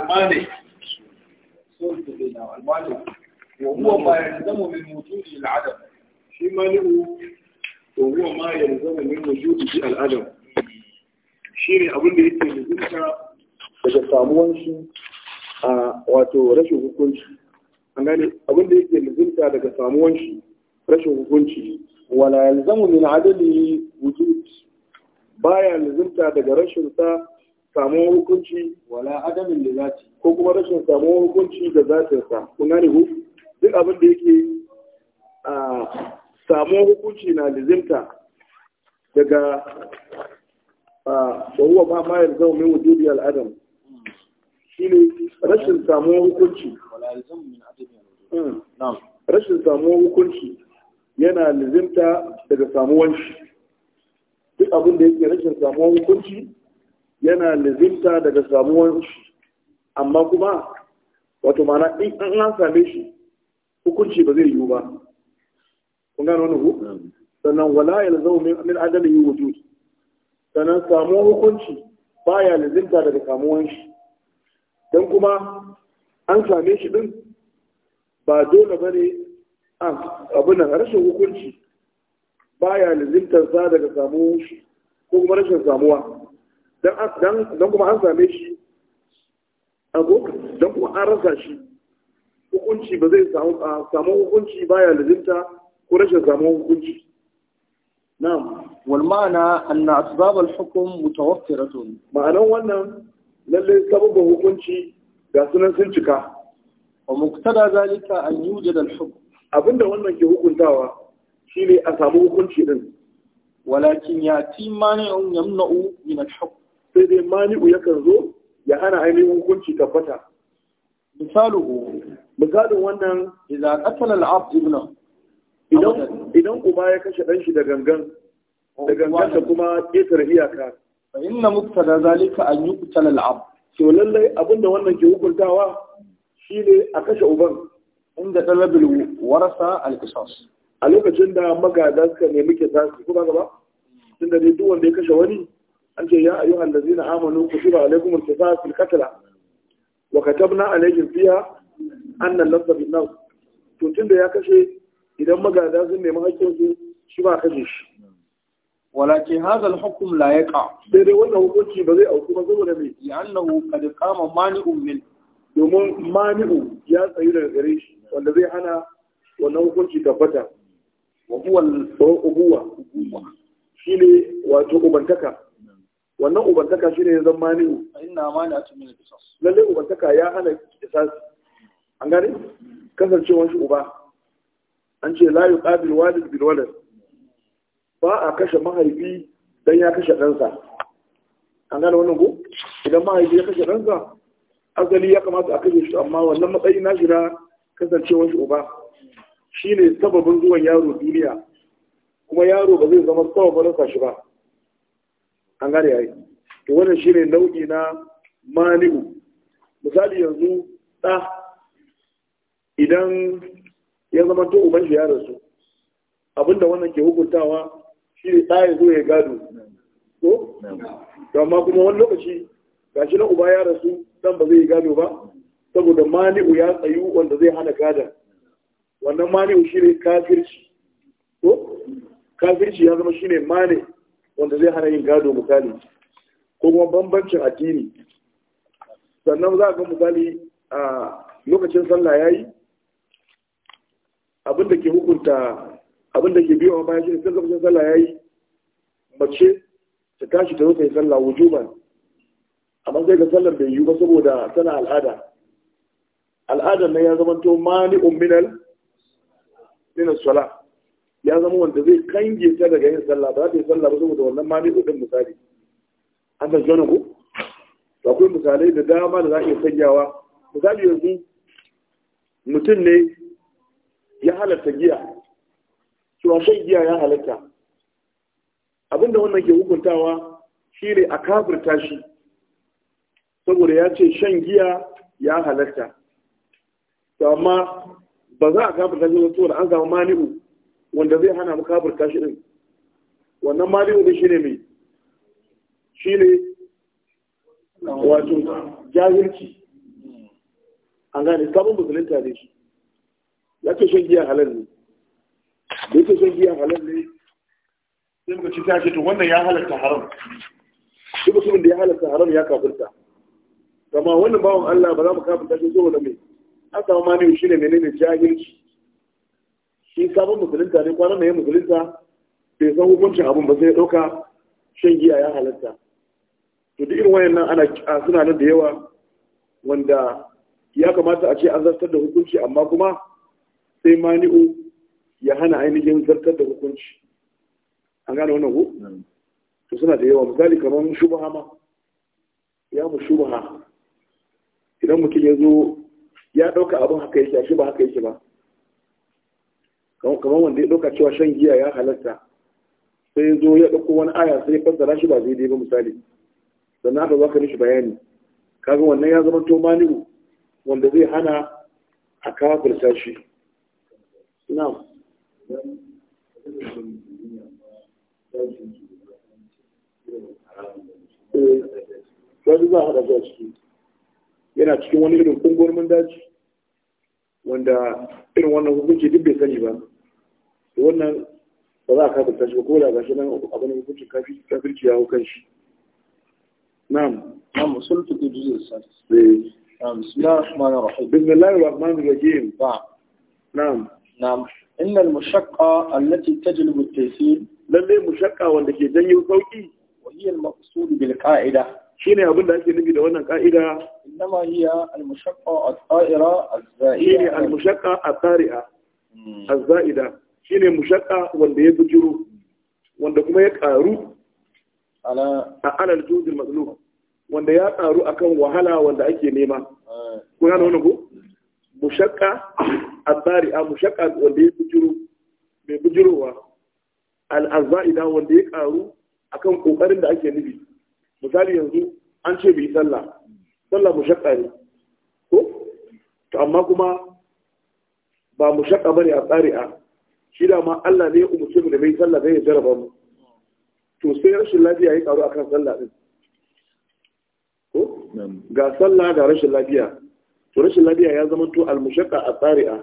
الماني وهو ما يلزم من وجود العدم شي ماني وهو ما يلزم من وجود العدم shi ne abin da yake nufinta daga samuwansu a wato rashin hukunci an gane abin da yake nufinta daga samuwansu rashin hukunci wala yalzamu min adali wujud baya nufinta daga rashin sa samun hukunci wala adamin da zati ko kuma rashin samun hukunci da za zatinsa kun gane ku duk abin da yake a samun hukunci na lizimta daga a tsohuwa ma ma yanzu min wujubi al'adam ne rashin samun hukunci hmm. rashin samun hukunci yana lizimta daga samuwan shi duk abin da yake rashin samun hukunci yana lizinta daga samuwan shi amma kuma wato mana in an same shi hukunci ba zai yiwu ba kun gano wani ku sannan wala ya zama min adana yi wuju sannan samu hukunci baya lizinta daga samuwan shi don kuma an same shi din ba dole ba ne abin nan rashin hukunci baya ya sa daga samuwan shi ko kuma rashin samuwa dan kuma an same shi abu dan kuma an rasa shi hukunci ba zai samu hukunci baya lalinta ko rashin samu hukunci na'am walmana ma'ana anna asbab al hukm mutawaffiratun ma'anan wannan lalle sababin hukunci ga sunan sun cika wa muqtada zalika an yujad al hukm abinda wannan ke hukuntawa shine a samu hukunci din walakin yati mani'un yamna'u min al hukm sai dai mani'u yakan zo ya ana ainihin hukunci tabbata misaluhu misalin wannan idza qatala al-abd idan uba ya kashe dan shi da gangan da gangan da kuma ƙetare iyaka fa inna muktada zalika an yuqtala al-abd to lallai abinda wannan ke hukuntawa shine a kashe uban inda talabil warasa al-qisas a lokacin da magada suka nemi su kuma gaba tunda dai duk wanda ya kashe wani an ce ya ayyuhan lazina amanu kutiba alaikum al-qisas fil qatl wa ka katabna alaihim fiha anna al-lafza bin naw to da ya kashe idan magada sun nemi hakkin su shi ba kashe shi Wala ke hazal hukum la yaqa sai dai wannan hukunci ba zai auku ba saboda me annahu qad kama mani'un mil. domin mani'u ya tsayu daga gare shi wanda zai hana wannan hukunci tabbata wa huwa al-ubuwa shine wato ubantaka wannan ubantaka shi ne ya zama ne ina ma na tumi da kisas lalle ubantaka ya hana kisas an gani kasancewar shi uba an ce layu ƙabil walid bin walad ba a kashe mahaifi don ya kashe ɗansa an gani wannan ko idan mahaifi ya kashe ɗansa asali ya kamata a kashe shi amma wannan matsayi na shi na kasancewar shi uba shine sababin zuwan yaro duniya kuma yaro ba zai zama sababin rasa shi ba an gane yayi to wannan shine nau'i na mani'u misali yanzu ɗa idan ya zama to uban shi ya rasu abinda wannan ke hukuntawa shi ne ɗa ya zo ya gado ko amma kuma wani lokaci gashi na uba ya rasu dan ba zai yi gado ba saboda mani'u ya tsayu wanda zai hana gadon wannan mani'u shi ne kafirci ko kafirci ya zama shi ne mani wanda zai hana yin gado misali ko kuma bambancin addini sannan za a ga misali a lokacin sallah yayi abin da ke hukunta abin da ke biyo baya shi ne sai lokacin sallah yayi mace ta tashi ta zo yi sallah wujuban amma sai ga sallar bai yiwu ba saboda tana al'ada al'adar nan ya zama to mani umminal min salah ya zama wanda zai kange ta daga yin sallah ba za ta yi sallah ba saboda wannan ma ne ɗin misali an da jana ku akwai misalai da dama da za a iya sanyawa misali yanzu mutum ne ya halatta giya cewa shan giya ya halatta abinda wannan ke hukuntawa shi ne a kafirta shi saboda ya ce shan giya ya halatta amma ba za a kafirta shi saboda an samu mani'u wanda zai hana mu kafirta shi din wannan shi ne shine mai ne wato jahilci an gane sabon musulunta ne shi ya ce shan giya halal ne da yake shan giya halal ne sai muka ci ta ce to wannan ya halatta haram duk mutumin da ya halatta haram ya kafirta amma wannan bawan Allah ba za mu kafirta shi saboda mai an samu mani shi ne menene jahilci shi sabon musulunta ne kwanan na ya musulunta bai san hukuncin abin ba sai ya ɗauka shan giya ya halatta to duk irin wayannan ana suna nan da yawa wanda ya kamata a ce an zartar da hukunci amma kuma sai mani'u ya hana ainihin zartar da hukunci an gane wannan ku to suna da yawa misali kamar shubaha ma ya mu shubaha idan mutum ya zo ya ɗauka abin haka yake shi ba haka yake ba kamar wanda ya ɗauka cewa shan giya ya halatta sai ya zo ya ɗauko wani aya sai ya fassara shi ba zai dai ba misali sannan aka zaka mishi bayani kaga wannan ya zama to mani'u wanda zai hana a kafirta shi na'am wani eh, za a haɗa zuwa ciki yana cikin wani irin kungurmin daji wanda irin wannan hukunci duk bai sani ba to wannan ba za a kafirta shi ba ko da gashi nan abin da hukuncin kafirci ya hau kan shi na'am na'am sulhu tudiyyu sa بسم الله الرحمن الرحيم بسم الله الرحمن الرحيم نعم نعم, نعم. إن المشقة التي تجلب التيسير للي مشقة والتي جنيه صوتي وهي المقصود بالقاعدة شيني أقول لك نبي دون القاعدة إنما هي المشقة الطائرة الزائدة شيني المشقة الطارئة الزائدة shine mushaqqa wanda ya bujuru wanda kuma ya karu ala alal jujin mazlum wanda ya karu akan wahala wanda ake nema eh. kun gane wannan ko mushaqqa a mushaqqa wanda ya bujuru mai bujirowa al-azaida wanda ya karu akan kokarin da ake nufi misali yanzu an ce bai sallah sallah mushaqqa ne ko to amma kuma ba mushaqqa bane a tsari'a shi da ma Allah ne ya umarce mu da mai sallah zai ya jarraba mu to sai rashin lafiya ya karu akan sallah din ko ga sallah ga rashin lafiya to rashin lafiya ya zama to al-mushaqqa at-tari'a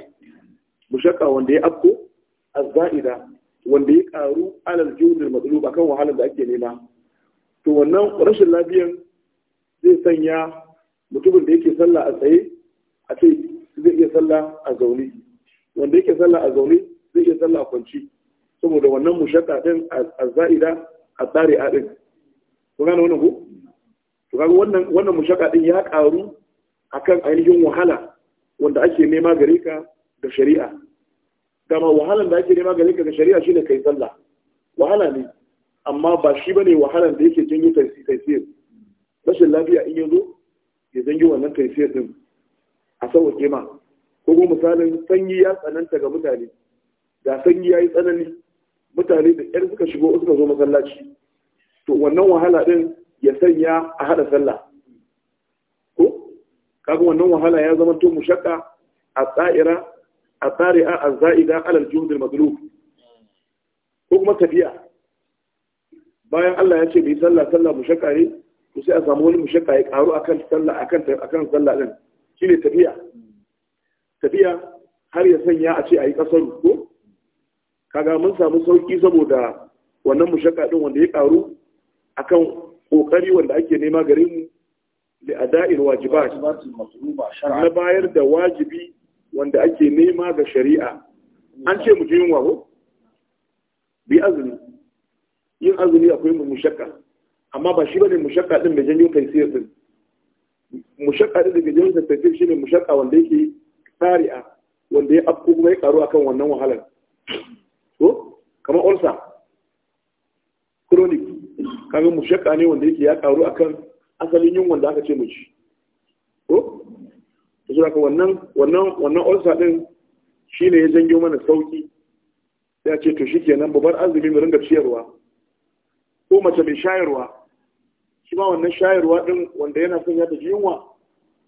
mushaqqa wanda ya afko az-za'ida wanda ya karu alal jawd al-madlub akan wahalar da ake nema to wannan rashin lafiyan zai sanya mutumin da yake sallah a tsaye a ce zai iya sallah a zaune wanda yake sallah a zaune zai iya sallah kwanci saboda wannan mushaka din tsari a din kun gane wannan ko to kaga wannan wannan mushaka din ya karu akan ainihin wahala wanda ake nema gare ka da shari'a dama wahalan da ake nema gare ka da shari'a shine kai sallah wahala ne amma ba shi bane wahalan da yake janyo taisir rashin lafiya in yazo ya zangi wannan taisir din a sauƙe ma ko misalin sanyi ya tsananta ga mutane da sanyi ya yi tsanani mutane da ƴar suka shigo suka zo masallaci to wannan wahala ɗin ya sanya a haɗa sallah ko kaga wannan wahala ya zama to mushakka a tsa'ira a tsari'a a za'ida alal juhudul mazlub ko kuma tafiya bayan Allah ya ce bai sallah sallah mushakka ne to sai a samu wani mushakka ya karu akan sallah akan akan sallah din shine tafiya tafiya har ya sanya a ce ayi kasaru ko kaga mun samu sauki saboda wannan mushaka din wanda ya karu akan kokari wanda ake nema gare mu da ada'il wajibat na bayar da wajibi wanda ake nema ga shari'a an ce mu yin wawo bi azumi yin azumi akwai mu mushaka, amma ba shi bane mushaka din da janyo taysir din mushaka din da janyo taysir shine mushaka wanda yake tari'a wanda ya afko kuma ya karu akan wannan wahalar kamar ulcer chronic kaga mushakka ne wanda yake ya karu akan asalin yunwan da aka ce mu ci ko to ka wannan wannan wannan ulcer din shine ya janyo mana sauki ya ce to shikenan babar azumi mu ringa ciyarwa ko mace mai shayarwa shi ma wannan shayarwa din wanda yana son ya ta yunwa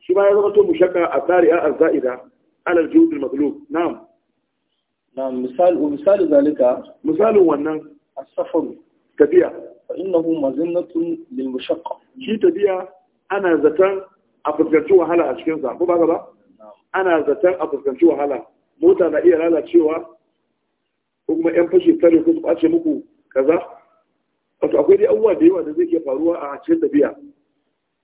shi ma ya zama to mushakka a tsari a za'ida alal judul maglub na'am na misal misal zalika misalin wannan as-safaru tafiya fa innahu mazinnatun lil mushaqqa shi tafiya ana zaton a fuskanci wahala a cikinsa. sa ko ba ba ana zaton a fuskanci wahala mota na iya lalacewa ko kuma yan fashe tare ko su ɓace muku kaza wato akwai dai abubuwa da yawa da zai ke faruwa a cikin tafiya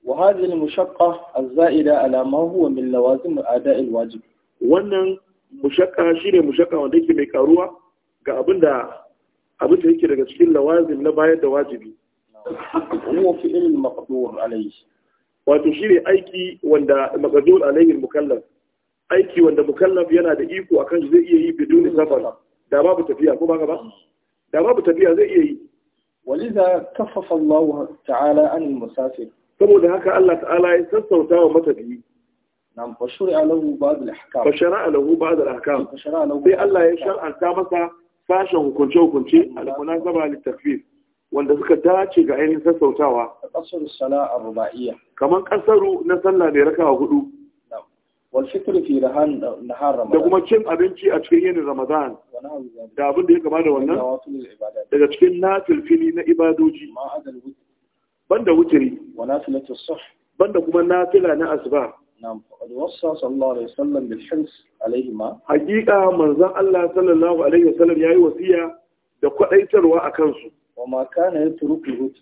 وهذه المشقة الزائدة على ما هو من لوازم أداء الواجب wannan shi ne mushaƙa wanda yake mai karuwa ga abin da abin da yake daga cikin lawazin na bayar da wajibi huwa fi'il maqdur alayhi wato ne aiki wanda maqdur alayhi mukallaf aiki wanda mukallaf yana da iko akan kan zai iya yi ne safar da babu tafiya ko ba ba da babu tafiya zai iya yi waliza kaffafa Allah ta'ala an musafir saboda haka Allah ta'ala ya sassauta wa matafiyi نعم فشرع له بعض الأحكام فشرع له بعض الأحكام فشرع له في الله يشرع الكامسة sashen hukunce-hukunce al zaba littafif wanda suka dace ga ainihin sassautawa kasar sala kaman na sallah mai rakawa hudu wal fitr fi rahan nahar ramadan da kuma cin abinci a cikin yin ramadan da abin da ya gaba da wannan daga cikin nafil fili na ibadoji banda wutiri wa nafilatu banda kuma nafila na asba Na'am. Wani wasa sallallahu alaihi wasallam bil hins alaihi ma. manzon Allah sallallahu alaihi wasallam yayi wasiya da kwadaitarwa a kansu. Wa ma kana yatruku hut.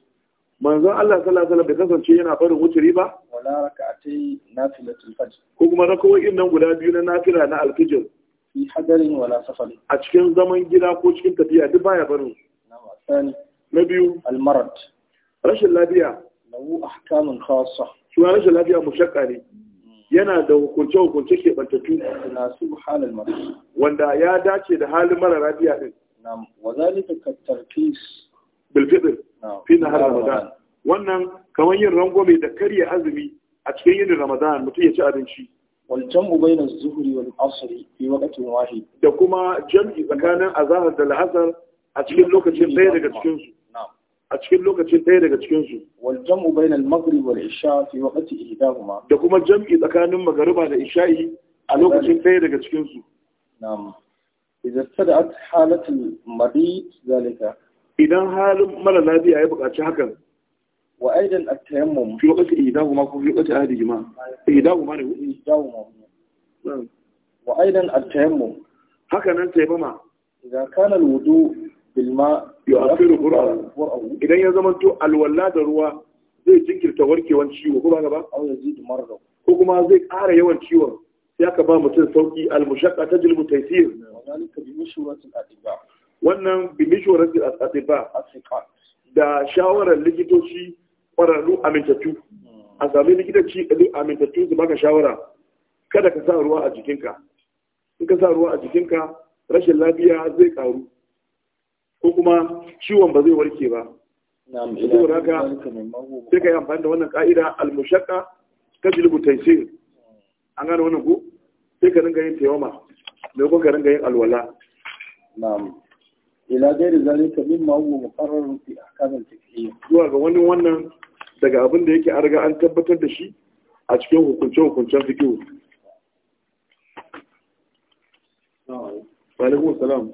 Manzon Allah sallallahu bai kasance yana barin wuturi ba. Wala raka'atay nafilatul fajr. Ko kuma raka'o'in nan guda biyu na nafila na alfijr. Fi hadarin wala safalin. A cikin zaman gida ko cikin tafiya duk baya barin. Na'am. Sani. Na biyu. Almarat. Rashin lafiya. Nau'u ahkamun khassa. Shi ma rashin lafiya mushakka ne. yana da hukunce-hukunce ke bantattu wanda ya dace da halin mara rabiya din wazalika kattarfis bilfiɗin fi na har ramadan wannan kamar yin rangwame da karya azumi a cikin yin ramadan mutum ya ci abinci والجمع zuhuri wani asiri fi وقت واحد da kuma jam'i tsakanin azahar da la'asar a cikin lokacin ɗaya daga cikinsu a cikin lokacin ɗaya daga cikinsu. su wal jam'u bainal maghrib wal isha fi waqti ihdahuma da kuma jam'i tsakanin magariba da isha'i a lokacin ɗaya daga cikin su na'am idan sada'at halatul marid zalika idan halin mara lafiya ya buƙaci hakan wa aidan at-tayammum fi waqti ihdahuma ko fi waqti ahadihima ihdahuma ne ihdahuma wa aidan at-tayammum haka nan tayammuma idan kana al-wudu bilma yu'akhiru qur'an idan ya zama to alwala da ruwa zai jinkirta warkewan ciwo ko ba ga ba aw yazidu marra ko kuma zai ƙara yawan ciwon sai aka ba mutum sauki al ta tajlibu taysir Wannan bi mishwaratil atiba wannan bi mishwaratil atiba da shawarar likitoci ƙwararru amintattu hmm. a sami likitoci amintattu su baka shawara kada ka sa ruwa a jikinka in ka sa ruwa a jikinka rashin lafiya zai karu ko kuma ciwon ba zai warke ba saboda haka sai ka yi amfani da wannan ka'ida al-mushaqqa tajlibu taysir an gane wannan ko sai ka ringa yin taimama mai ko ka ringa yin alwala na'am ila gairi zalika mimma huwa muqarrar fi ahkam al-fiqhiyya zuwa ga wani wannan daga abin da yake an riga an tabbatar da shi a cikin hukunce-hukuncen fiqh Wa alaikum salam.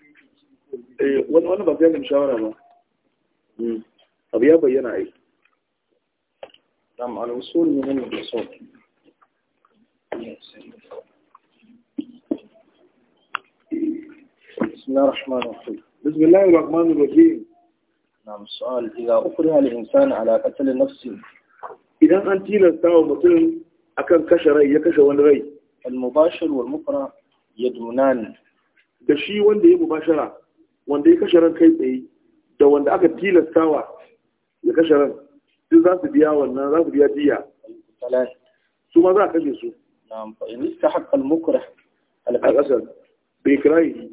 eh wannan ba sai ga shawara ba hmm. abu ya bayyana ai dam al-usul min al-usul بسم الله الرحمن الرحيم بسم الله الرحمن الرحيم نعم السؤال إذا أكره الإنسان على قتل نفسه إذا أنت لستعو مثل أكن كشري يكشو الغي المباشر والمقرأ يدونان da shi wanda مباشرة wanda ya kashe ran kai tsaye da wanda aka tilastawa ya kashe ran duk za su biya wannan za su biya jiya su ma za a kashe su kirayi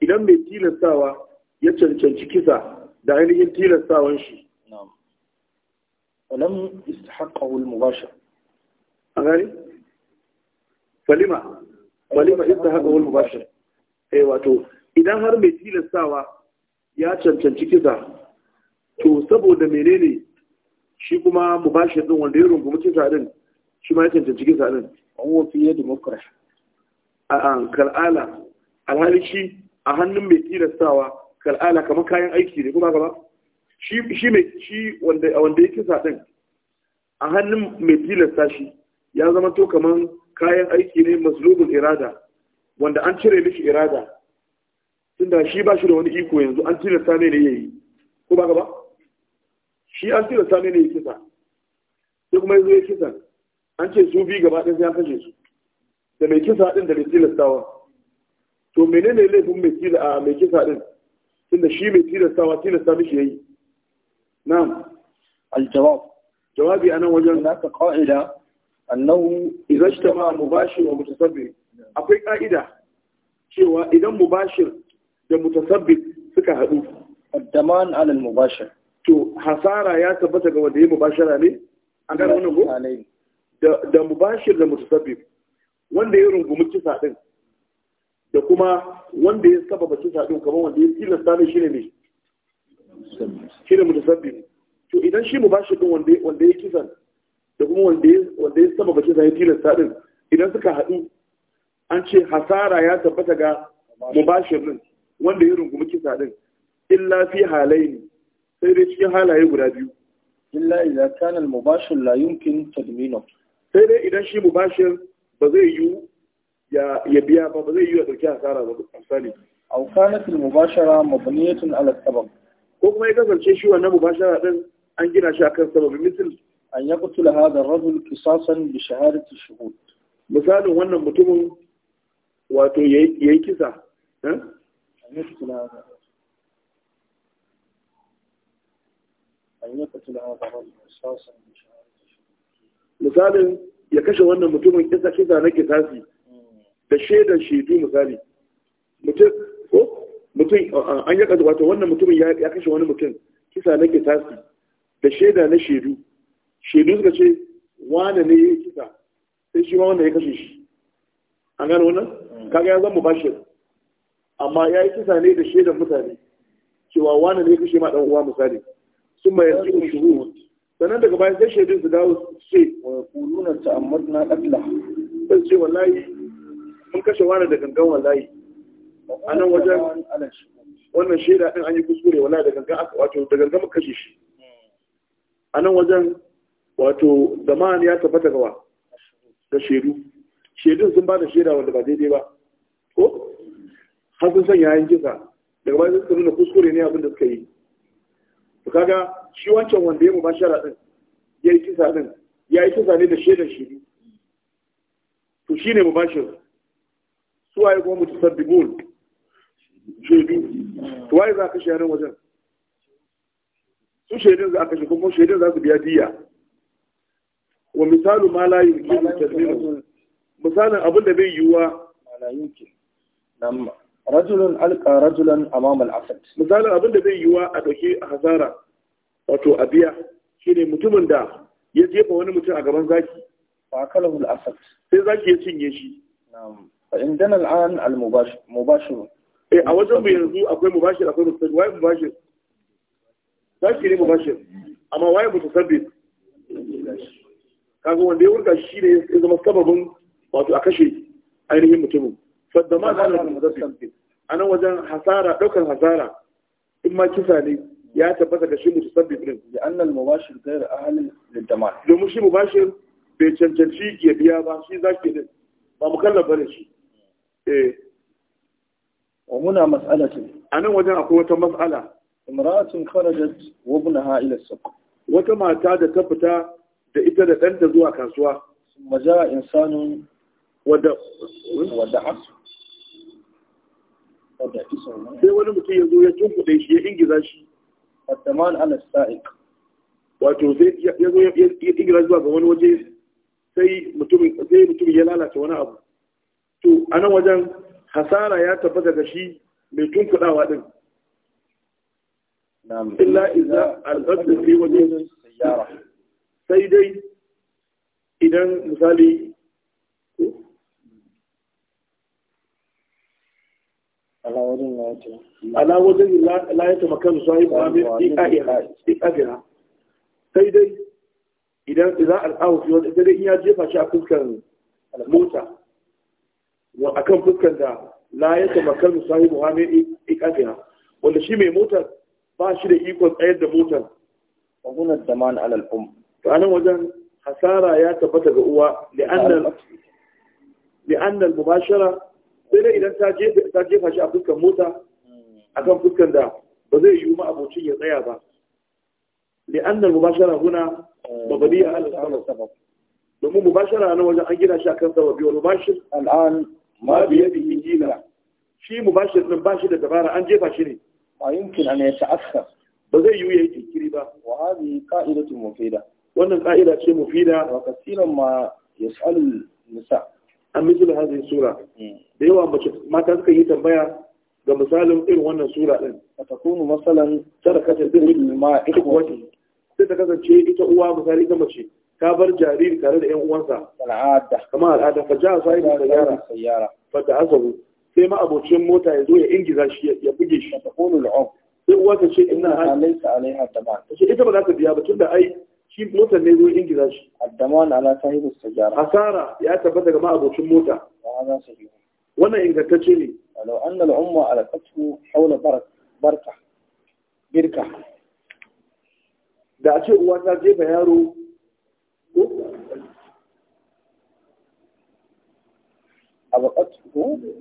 idan mai tilastawa ya cancanci kisa da ainihin tilastawan shi ولم يستحقه المباشر أغاني فلما فلما يستحقه المباشر أي واتو idan har mai tilastawa ya cancanci kisa to saboda menene shi kuma mu ba shi din wanda ya rungumi kisa din shi ma ya cancanci kisa din an wofi ya demokra a an kal'ala alhali shi a hannun mai tilastawa kal'ala kamar kayan aiki ne kuma gaba shi mai shi wanda ya kisa din a hannun mai tilasta shi ya zama to kamar kayan aiki ne maslubul irada wanda an cire mishi irada tunda shi ba shi da wani iko yanzu an tilasta mai ne yayi ko ba ba shi an tilasta mai ne yake kisa sai kuma yanzu yake kisa an ce su bi gaba ɗaya sai an kashe su da mai kisa din da mai tilastawa to menene laifin mai tila a mai kisa din tunda shi mai tilastawa tilasta mishi yayi na'am jawab jawabi anan wajen ka qa'ida annahu idza ijtama mubashir wa mutasabbir akwai ka'ida cewa idan mubashir da mutasabbib suka haɗu addaman alal mubashar. to hasara ya tabbata ga wanda ya mubashara ne an gane wannan ko da mubashir da mutasabbib wanda ya rungumi kisa ɗin, da kuma wanda ya sababa kisa ɗin kamar wanda ya tilasta ne shine ne shine to idan shi mubashir ɗin wanda wanda ya kisan da kuma wanda ya wanda sababa kisa ya tilasta ɗin, idan suka haɗu an ce hasara ya tabbata ga mubashir ɗin. wanda ya rungumi kisa din illa fi ne. sai dai cikin halaye guda biyu illa idza kana mubashir la yumkin tadminu sai dai idan shi mubashir ba zai yi ya biya ba ba zai yi ya dauki asara ba misali aw kanat al mubashara mabniyatan ala sabab ko kuma ya kasance shi wannan mubashara din an gina shi akan sababin misal an yaqtula hadha ar-rajul qisasan bi shahadati shuhud misalin wannan mutumin wato yayi kisa eh? Misalin هذا ya kashe wannan mutumin kisa kisa na tasi, da shaidan shaidu misali mutum an yaka wato wannan mutumin ya kashe wani mutum kisa na tasi, da shaida na shaidu shaidu suka ce wane ne ya kisa sai shi ma wanda ya kashe shi an gano wannan kaga ya zama bashir amma ya yi kisa ne da shaidar mutane cewa wani ne kashe ma dan uwa misali sun mai yanzu shuhud sannan daga bayan sai shaidar su dawo su ce wa amma na qatla sai ce wallahi mun kashe wani da gangan wallahi a nan wajen wannan shaida din an yi kuskure wala da gangan aka wato da gangan mu kashe shi a nan wajen wato zaman ya tabbata gawa da shaidu shaidun sun ba da shaida wanda ba daidai ba ko har sun sanya yayin kisa daga bayan sun nuna kuskure ne abin da suka yi to kaga shi wancan wanda ya mu bashara din ya yi kisa din ya yi kisa ne da shaidan shi to shine mu bashir su waye kuma bol shaidu to waye za ka shi yanar wajen su shaidun za a kashe kuma shaidun za su biya diya wa misalu ma la yumkinu tadmiru misalin abin da bai yiwuwa ma la yumkin nan rajulun alka rajulan amamal asad misalin abin da zai yiwa a a hazara wato a biya shine mutumin da ya jefa wani mutum a gaban zaki fa kalahu al-asad sai zaki ya cinye shi na'am fa indana al-an al-mubashir eh a wajen mu yanzu akwai mubashir akwai mustajab wai mubashir zaki ne mubashir amma waye mutasabbib kaga wanda ya wurga shi ne ya zama sababin wato a kashe ainihin mutumin فالضمان على المتسبب أنا وزن حسارة دوكا حسارة إما كساني يا تبتا كشي متسبب لهم لأن المباشر غير أهل للضمان لو مشي مباشر Ba mu باشي ذاك كده ما wa muna إيه وهنا مسألة أنا وزن أقوى مسألة امرأة خرجت وابنها إلى السوق وكما تعد تبتا da ita da ɗanta zuwa kasuwa. Maja insanun wada asu. sai wani mutum ya zo ya tunkuɗe shi ya ingiza shi tsamanin ana sa'iq wato zai ya zo ya ingiza zuwa ga wani waje sai mutum ya lalata wani abu to a nan wajen hasara ya tabbata ga shi mai tunkuɗawa din illa iza al'adun sai waje sai dai idan misali ala wajen la ya tamakan sahi muhammed ikabira sai dai idan za a al'awu fi wani dai ya jefa shi a fuskan mota wa akan fuskan da la ya tamakan sahi muhammed ikabira wanda shi mai motar ba shi da ikon tsayar da motar wa hunar da man alal um to wajen hasara ya tabbata ga uwa li'annal mubashara sai dai idan ta jefa shi a fuskan mota akan fuskan da ba zai yi ma abocin ya tsaya ba li'annar mubashara huna mabaniya al sabab domin mubashara nan wajen an gina shi akan sababi wal mubashir al'an ma bi yadihi hila shi mubashir din ba shi da dabara an jefa shi ne ma yumkin an yata'akhkhar ba zai yi yayi jinkiri ba wa hadhihi qa'idatu mufida wannan qa'ida ce mufida wa kasiran ma yas'alu nisa' an misal hazin sura hmm. da yawa mace mata suka yi tambaya ga misalin irin wannan sura din ta atakunu masalan tarakatul ibn ma ikwati sai ta kasance ita uwa misali ita mace ta bar jariri tare da 'yan uwansa al'ada kamar al'ada fa ja sai da yara sayyara fa da azabu sai ma abocin mota ya zo ya ingiza shi ya buge shi atakunu al'um sai uwa ta ce inna alaysa alaiha tamam ta ce ita ba za ta biya ba tunda ai shi motar ne zai ingila shi addaman ala sahibu sajara hasara ya tabbata ga ma'abocin mota wannan ingantacce ne an annal umma ala qatu hawla barka birka da a ce uwa ta jefa yaro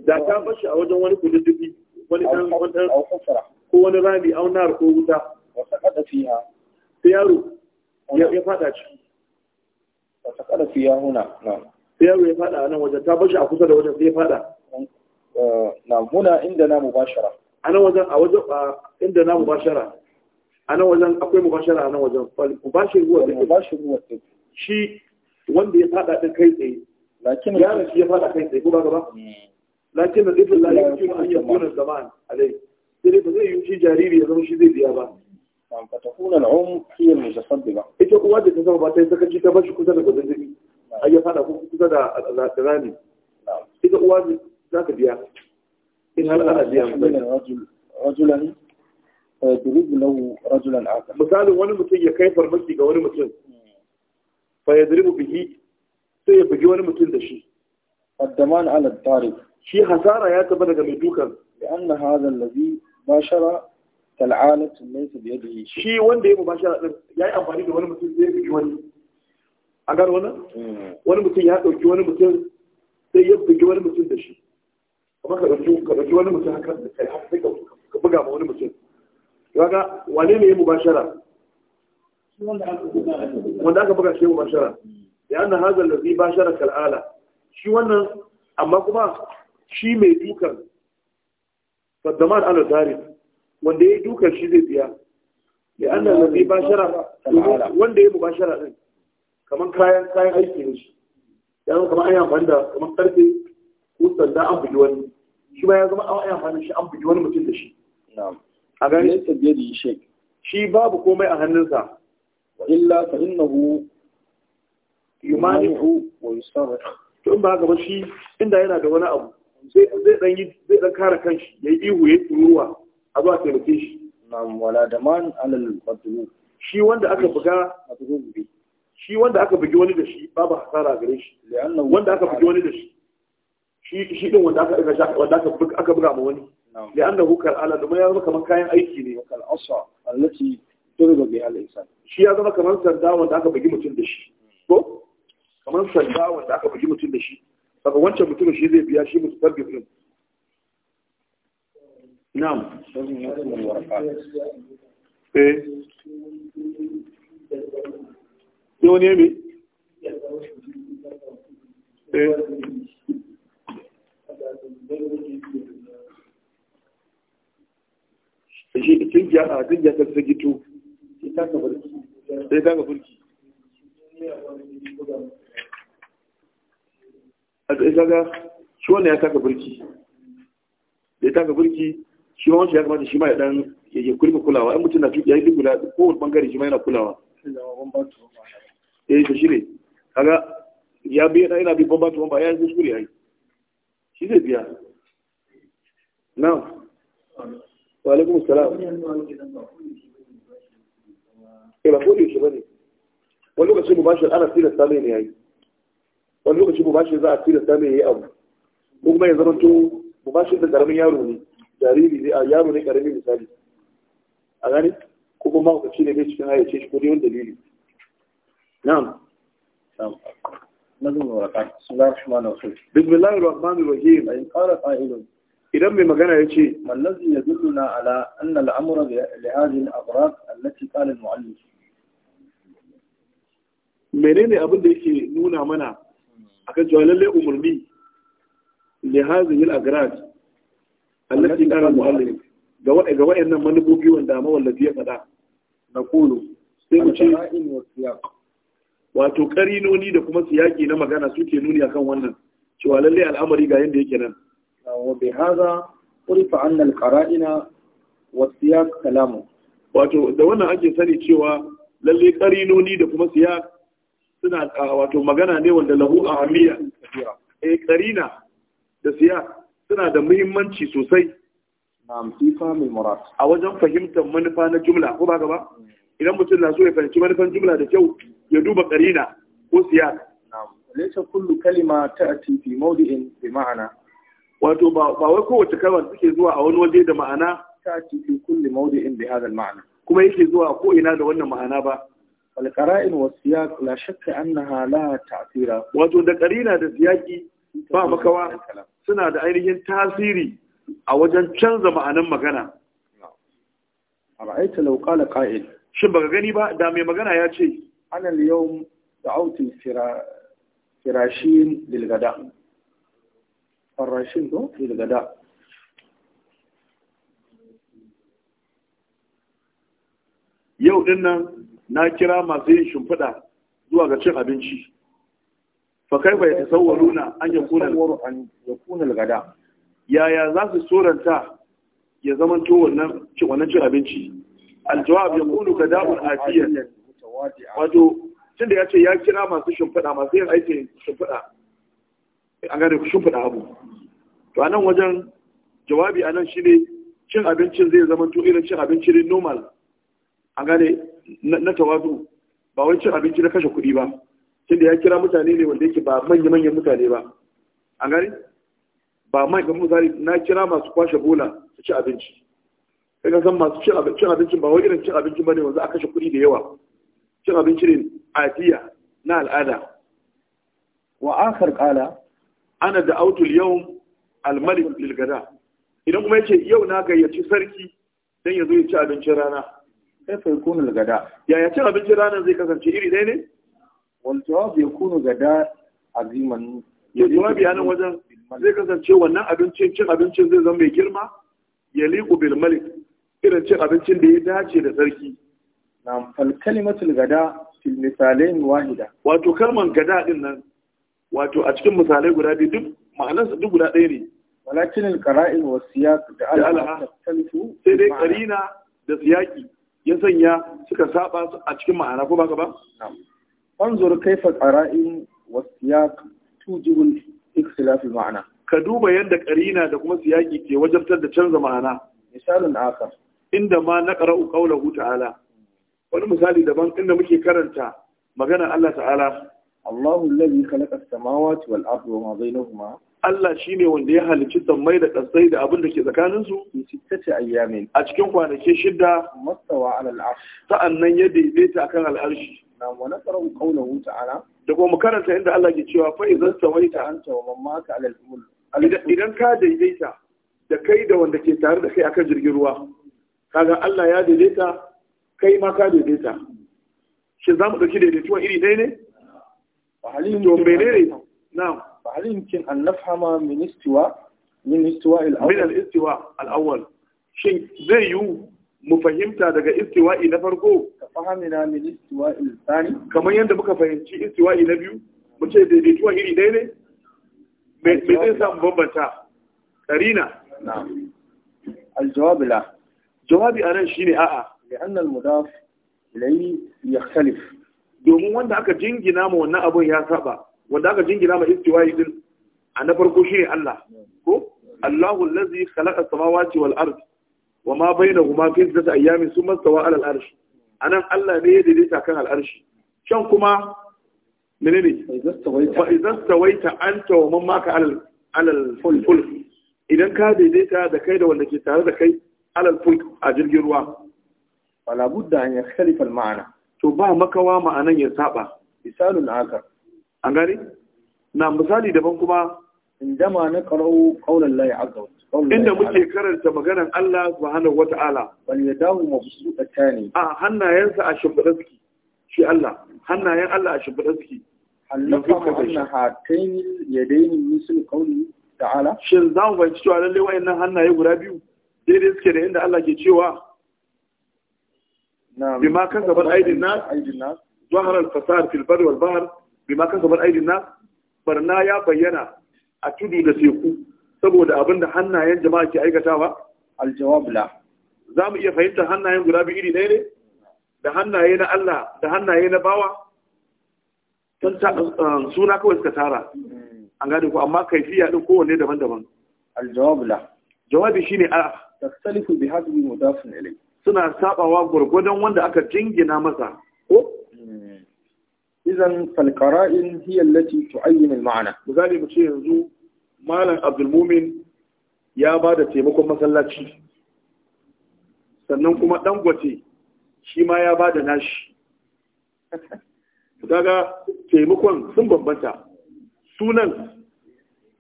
da ta bashi a wajen wani kududdufi wani ɗan ko wani rami aunar ko wuta sai yaro ya fada ciki wata karfi ya huna na sai ya fada nan wajen ta bashi a kusa da wajen sai ya fada na huna inda na mubashara a nan wajen a wajen inda na mubashara a nan wajen akwai mubashara a nan wajen mubashin ruwa da mubashin ruwa shi wanda ya fada din kai tsaye lakin yaron ya fada kai tsaye ko ba gaba lakin da fi lalata yakun an yakuna zaman alai sai ba zai yi shi jariri ya zama shi zai biya ba فتكون العم هي المتصدقة ita uwa da ta zama ba ta yi sakaci ta bashi kusa da gudun jini a ya fada kusa da rami ita uwa za ka biya in har ana biya eh, rajulan misalin wani mutum ya kai farmaki ga wani mutum hmm. fa yadribu bihi sai ya bugi wani mutum da shi shi hasara ya taba daga mai dukan li tal'anatu biyar da yi. shi wanda ya ɗin ya yi amfani da wani mutum zai bugi wani a gar wannan hmm. wani mutum ya ɗauki wani mutum sai ya bugi wani mutum da shi kuma ka ɗauki ka wani mutum haka da kai haka sai ka buga ma wani mutum ya ga wane ne ya mubashara wanda aka buga shi mubashara da yana hazar da zai bashara kal'ala shi wannan amma kuma shi mai dukan faddaman ala zarin wanda ya duka shi zai biya da an da zai shara wanda ya ba shara din kamar kayan kayan aiki ne shi ya zama kamar ayyan yi amfani da kamar karfe ko sanda an bugi wani shi ba ya zama an ayyan amfani shi an bugi wani mutum da shi a gani ya biye da shi shi babu komai a hannunsa wa illa fa innahu yumanihu wa yusarrif to in ba haka shi inda yana da wani abu zai dan yi zai dan kare kanshi yayi ihu yayi turuwa a zuwa taimake shi na'am wala da man alal fadlu shi wanda aka buga matsugubi shi wanda aka bugi wani da shi babu hasara gare shi wanda aka bugi wani da shi shi shi din wanda aka wanda aka buga aka buga ma wani li'annahu kal ala da ya zama kamar kayan aiki ne kal asa allati turba bi al insan shi ya zama kamar sanda wanda aka bugi mutum da shi ko kamar sanda wanda aka bugi mutum da shi saka wancan mutum shi zai biya shi mutum tarbi na'am eh, eh. sai wani yami eh a tungiya ta sagito sai ta ga burki a tsaye ya taka ya taka shi wancan ya kamata shi ma ya dan ya kurbe kulawa ai mutum na tuki ya yi duk ko wani bangare shi ma yana kulawa eh to shi ne kaga ya bi yana bi bamba to bamba ya yi kuskure ai shi zai biya na wa alaikum salam eh ba kodi shi bane wani lokaci mubashir ana tilasta mai ne yayi wani lokacin lokaci mubashir za a tilasta mai yayi abu ko kuma ya zama to mubashir da karamin yaro ne jariri zai a yaro ne karami misali a gani kuma makwabci ne bai cikin hayyace shi kudi wanda lili na'am na'am na wa raka sallallahu alaihi wa sallam bismillahir rahmanir rahim ayin qala qa'ilun idan mai magana ya ce, lazi ya ala anna al-amra li hadhihi al-abraq allati qala al-muallif menene abin da yake nuna mana a akan jawalalle umurni li hadhihi al-agrad allati qala al ga waɗannan ga manubobi wanda mawallafi ya faɗa na kulu sai mu ce wato karinoni da kuma siyaki na magana suke nuni akan wannan cewa lalle al'amari ga yanda yake nan wa bi hadha urifa anna al-qara'ina wa siyaq kalamu wato da wannan ake sani cewa lalle karinoni da kuma siyaq suna wato magana ne wanda lahu ahamiya eh karina da siyaq suna da muhimmanci sosai a wajen fahimtar manufa na jumla ko ba gaba idan mutum na so ya fahimci manufan jumla da kyau ya duba karina ko siyar. laysa kullu kalima ta'ti fi mawdi'in bi ma'ana wato ba wai kowace kalma take zuwa a wani waje da ma'ana ta'ti fi kulli mawdi'in bi hadha al-ma'na kuma yake zuwa ko ina da wannan ma'ana ba wal qara'in was siyaq la shakka annaha la ta'thira wato da karina da siyaki ba makawa suna da ainihin tasiri a wajen canza ma'anin magana a ra'aita lauƙala ƙa'il shin baka gani ba da mai magana ya ce Ana yau da autin firashin dilgada. farashin lilgada yau ɗin nan na kira masu yin shimfiɗa zuwa ga cin abinci fakai bai ta na an ya kunar gada yaya za su tsoranta ya zama to wannan cin abinci aljawab ya kunu ka da'un afiyar wato tun da ya ce ya kira masu shimfiɗa masu yin aikin shimfiɗa an gane shimfiɗa abu to a nan wajen jawabi a nan shi ne cin abincin zai zama to irin cin abinci ne normal an gane na tawazu ba wai cin abinci na kashe kuɗi ba tunda ya kira mutane ne wanda yake ba manya-manyan mutane ba a gari ba manyan mutane na kira masu kwashe bola su ci abinci kaga san masu cin abincin ba wai irin cin abincin ba ne wanzu a kashe kuɗi da yawa cin abinci ne adiya na al'ada wa akhar qala ana da autul yawm almalin lilgada. idan kuma yace yau na gayyaci sarki dan zo ya ci abincin rana kai fa yakunu gada yaya cin abincin rana zai kasance iri ɗaya ne والجواب يكون غداء عظيما jawabi nan wajen zai kasance wannan abincin cin abincin zai zama mai girma ya liƙu bil malik irin cin abincin da ya dace da tsarki. na fal kalimatul gada fil misalain wahida wato kalman gada din nan wato a cikin misalai guda biyu duk ma'anarsa duk guda ɗaya ne walakin al qara'in wa siyaq da al talifu sai dai qarina da siyaqi ya sanya suka saba a cikin ma'ana ko baka ba انظر كيف القرائن والسياق توجب ma'ana. Ka duba yadda karina da kuma siyaki ke wajabtar da canza ma'ana misalin aka. inda ma naqra'u qawluhu ta'ala wani misali daban inda muke karanta magana Allah ta'ala Allahu allazi kalaka as-samawati wal arda wa ma bainahuma Allah shi ne wanda ya halicci sammai da ƙasai da abin da ke tsakaninsu? Tace ayyamin. A cikin kwanaki shida. Mastawa alal arsh. Sa'annan ya daidaita a akan al'arshi. Na wa nasaru qawluhu ta'ala. Da kuma karanta inda Allah ke cewa fa idan sawaita anta wa man maka alal mulk. Idan ka daidaita da kai da wanda ke tare da kai akan jirgin ruwa. Kaga Allah ya daidaita kai ma ka daidaita. Shin za mu ɗauki daidaituwa iri ɗaya ne? Wa halin. To menene? Na'am. هل يمكن أن نفهم من استواء من استواء الأول من الاستواء الأول شيء زي يو مفهمتا دقا استواء نفرقو فهمنا من استواء الثاني كما يندم كفهمتي استواء نبيو مجد ديتوا إلي ديني مجد سامبومبتا قرينا نعم الجواب لا جوابي أنا شيني آآ لأن المضاف إليه يختلف domin wanda aka jingina ma wannan abin ya saba wanda aka jingina ma istiwa'i din a na farko shine Allah ko Allahu allazi khalaqa samawati wal ard wa ma bainahuma fi sittati ayyamin thumma stawa ala al arsh anan Allah ne ya daidaita kan al arshi can kuma menene fa idza stawaita anta wa man maka ala al fulk idan ka daidaita da kai da wanda ke tare da kai ala al a jirgin ruwa wala budda an yakhtalifa al ma'ana to ba makawa ma'anan ya saba misalun akar an gani na misali daban kuma indama na qara'u layi a ya'zab inda muke karanta maganar Allah subhanahu wata'ala bal yadahu tani a hannayensa a shimfiɗa suke shi Allah hannayen Allah a shimfiɗa suke hallaka ya hatayn yadayn misl qawli ta'ala shin za mu fahimci cewa lalle wayannan hannaye guda biyu daidai suke da inda Allah ke cewa Na bima kasabat aydin nas ظهر الفساد في البر والبحر bima kan bar aidin na barna ya bayyana a tudu da teku saboda abin da hannayen jama'a ke aikatawa aljawab la za mu iya fahimtar hannayen guda biyu iri ɗaya ne da hannaye na Allah da hannaye na bawa um, suna kawai suka tara an gane ku amma kaifiya din kowanne daban-daban aljawab la jawabi shine a taktalifu bi hadhihi mudafun ilay suna sabawa gurgudan wanda aka jingina masa ko idan falkara'in hiyar lati tu'ayyin ma'ana misali mu ce yanzu malam abdulmumin ya ba da taimakon masallaci sannan kuma dangote shi ma ya ba da nashi daga taimakon sun bambanta sunan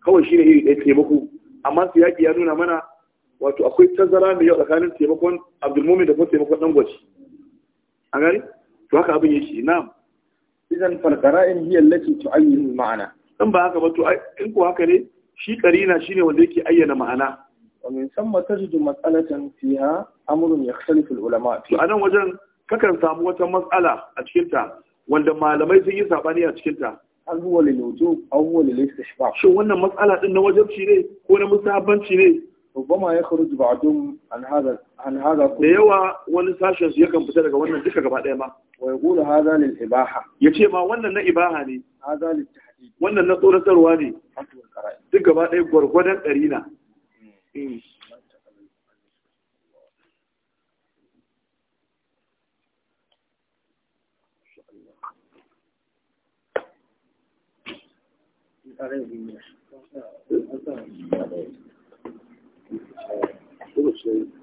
kawai shi ne iri ɗaya taimako amma su yaƙi ya nuna mana wato akwai tazara mai yau tsakanin taimakon abdulmumin da kuma taimakon dangote a gani to haka abin yake na'am idan falqara'in hiya allati tu'ayyin ma'ana in ba haka ba to in ko haka ne shi qarina shine wanda yake ayyana ma'ana wa min thumma tajidu mas'alatan fiha amrun yakhtalifu ulama to anan wajen kakan samu wata mas'ala a cikin ta wanda malamai sun yi sabani a cikin ta hal huwa wujub aw huwa shin wannan mas'ala din na wajibci ne ko na musabanci ne ربما يخرج بعضهم عن هذا عن هذا da yawa wani sashen su yakan fita daga wannan duka gabaɗaya ɗaya wa yaqulu hadha lil ibaha yace ma wannan na ibaha ne hadha lil tahdid wannan na tsoratarwa ne duk gaba ɗaya gwargwadon ɗari na Thank you.